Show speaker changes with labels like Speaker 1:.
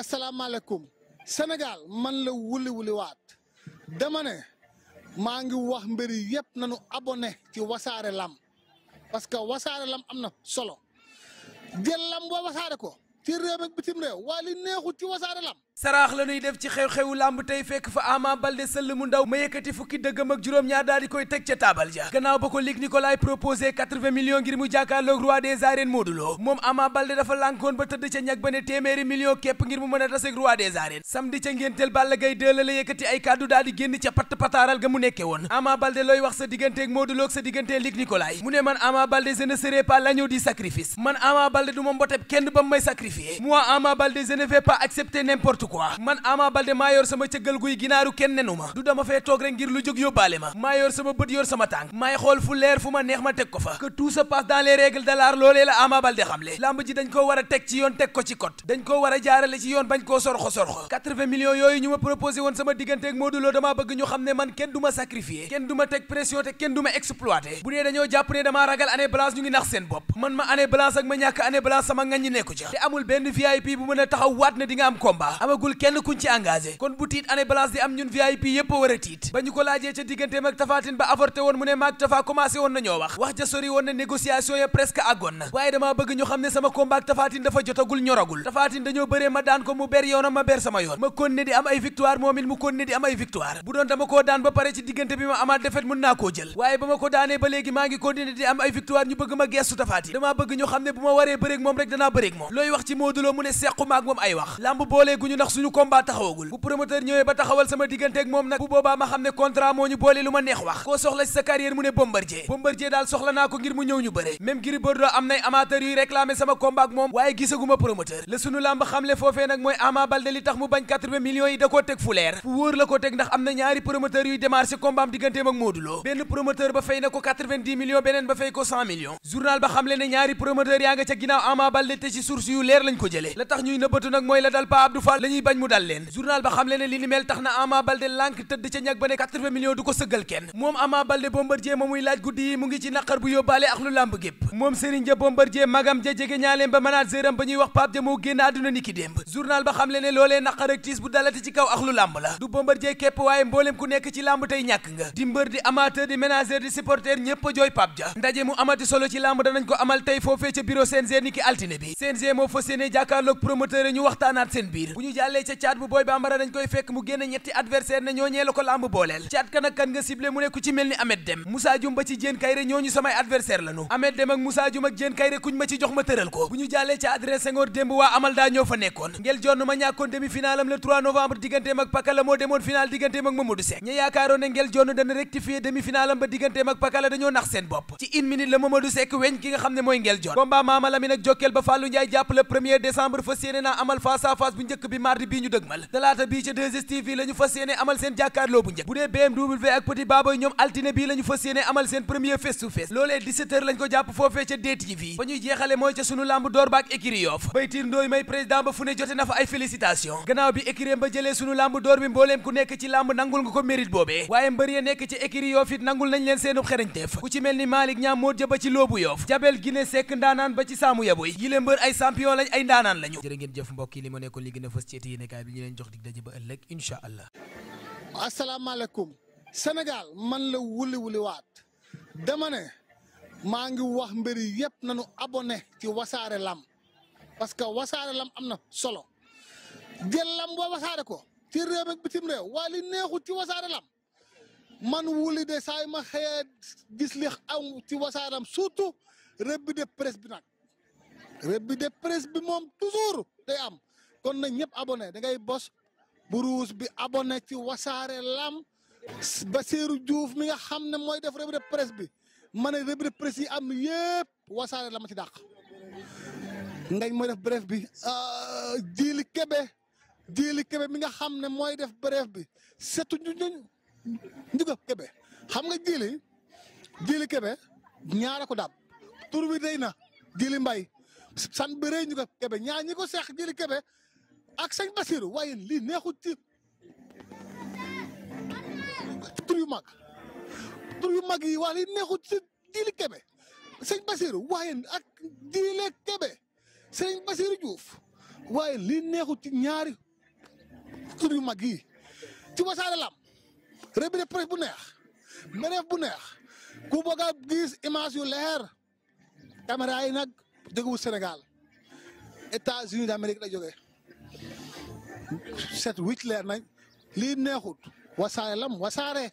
Speaker 1: asalaamaaleykum Sénégal man la wuli wuli waat dama maa ngi wax mbir yëpp nañu abonné ci wasaare lam parce que wasaare lam am na solo jël lam boo wasaare ko ci réew ak bitim réew waa li neexul ci wasaare lam
Speaker 2: saraax la ñuy def ci xew-xewu làmb tey fekk fa Ama Baldé sëll mu ndaw ma yëkkati fukki dëggam ak juróom-ñaar daal di koy teg ca taabal ja gannaaw ba ko Luc Nicolaï proposé 80 millions ngir mu jàkkaarloog roi des arènes Modou Lo moom Ama Baldé dafa lànkoon ba tëdd ca ñag ba ne téeméeri millions képp ngir mu mën a taseeg roi des arènes samedi ca ngénteel Balla Gaye 2 la yëkkati ay kàddu daal di génn ca patt pataaral ga mu nekke woon Ama Baldé looy wax sa digganteeg Modou n'importe ah. man Ama Baldé maa sama cëggal guy ginaaru kenn nenu ma du dama fee toog rek ngir lu jóg yóbbaale ma maa sama bët yor sama tànk maay xool fu leer fu ma neex ma teg ko fa que tout se passe dans les règles de l'art loolee la Ama Baldé xamle ji dañ koo war teg ci yoon teg ko ci code dañ koo war jaarale ci yoon bañ koo sorxo sorxo 80 millions yooyu ñu ma proposé woon sama diggante ak Modou dama bëgg ñu xam ne man kenn amagul kon bu tiit année balance di am ñun VIP yépp a war a tiit ba ñu ko laajee ca digganteem ak tafaatin ba avorté woon mu ne maag tafaa commencé woon tafaatin dafa jotagul ñoragul tafaatin dañoo bëree ma daan ko mu ber yoonam ma ber sama yoon ma kon ne di am ay victoire moom it mu kon ne di am ay victoire bu doon dama koo daan ba pare ci diggante bi ma amaat defet mën naa koo jël waaye ba ma ko daanee ba léegi maa ngi continuer di am ay victoire ñu bëgg ma gestu suñu combat taxawagul bu promoteur ñëwee ba taxawal sama diggante ak moom nag bu boobaa ma xam ne contrat moo ñu boole lu ma neex wax koo soxla ci sa carrière mu ne Bombardier Bombardier daal soxla naa ko ngir mu ñëw ñu bëre même Gris am nay amateur yuy réclamer sama combat moom waaye gisaguma promoteur la suñu làmb xamle foofee nag mooy Ama li tax mu bañ 80 yi da koo teg fu leer fu wóor la ko teg ndax am na ñaari promoteur yuy démarché combat am digganteem ak Modou Lo benn promoteur ba fay na ko 90 millions beneen ba fay ko 100 millions journal ba xamle ne dañuy mu dal leen journal ba xam ne li tax na Ama Baldé lànk tëdd ca ñag ba ne 80 du ko sëggal kenn moom Ama Baldé Bombardier ma muy laaj guddi yi mu ngi ci naqar bu yóbbaale ak làmb gépp moom Serigne ja Bombardier magam ja jege ñaaleem ba manageram ba ñuy wax Pape ja moo génn àdduna ni démb journal ba xam ne loolee naqar ak tiis bu dalati ci kaw ak làmb la du Bombardier képp waaye mbooleem ku nekk ci làmb tey ñàkk nga di di amateur jàllee bu ñu jàllee ca Adrien démb waa amal daa ñoo fa nekkoon ngel jonn ma ñàkkoon demi final am novembre digganteem ak Pakala moo demoon final digganteem ak Mamadou Seck ña yaakaaroon ne ngel jonn dana rectifier demi final ba digganteem ak Pakala dañoo nax seen bopp ci une minute la Mamadou Seck weñ ki nga xam ne mooy ngel jonn combat Mama Lamine ak Jokkel ba Fallou Ndiaye jàpp le 1er décembre fas naa amal face à bu njëkk mardi bii ñu dëgmal talaata bii ca 2STV la ñu fas yéene amal seen jàkkaarloo bu njëkk bu dee BMW ak Petit Baboy ñoom altine bii la ñu fas yéene amal seen premier face to loolee 17h ko jàpp foofee ca DTV ba ñuy jeexale mooy ca sunu lamb door baak écurie Yoff baytiir ndooy may président ba fu ne jote na fa ay félicitations gannaaw bi écurie ba jëlee sunu lamb door bi mbooleem ku nekk ci lamb nangul nga ko mérite boobee waaye mbër ya nekk ci écurie Yoff it nangul nañ leen seenu xereñteef mel ni Malick moo jëba ci loobu Yoff ba ci saamu yaboy yi le mbër ay champion lañ ay ndaanaan lañu ma nekkoon li gën a ci yéenekaay bi jox dig daje ba incha allah.
Speaker 1: asalaamaaleykum Sénégal man la wuli wuli waat dama maa ngi wax mbir yëpp nañu abonné ci wasaare lam parce que wasaare lam am na solo jël lam boo wasaare ko ci réew ak bitim réew waa li neexul ci wasaare lam man wuli de saa ma xëyee gis li ci wasaare lam surtout revue de presse bi nag revue de presse bi moom toujours day am kon nag ñëpp abonné da ngay bos bu ruus bi abonné ci wasaare lam Bassirou Diouf mi nga xam ne mooy def revue de presse bi ma ne revue de presse yi am yëpp wasaare la ma ci dàq ngañ mooy def bref bi jiili kebe jiili kebe mi nga xam ne mooy def bref bi setu ñu ñu njuga kebe xam nga jiili jiili kebe ñaara ko daal tur bi day na jiili mbay san bi rëy ñu ko kebe ñaar ñi ko seex jiili kebe ak sëñ Basiru waaye lii neexut ci mag tur yu mag yi waa lii neexut diili Kebe sëñ Basiru waaye ak diile Kebe sëñ Basiru Diouf waaye lii neexut ci ñaari tur yu mag yi ci Wassare Lamb revue de presse bu neex mereef bu neex ku bëgg a gis yu leer caméra yi nag jógewul Sénégal États-Unis d'Amérique la jógee set wicc leer nañ lii neexut wasaare lam wasaare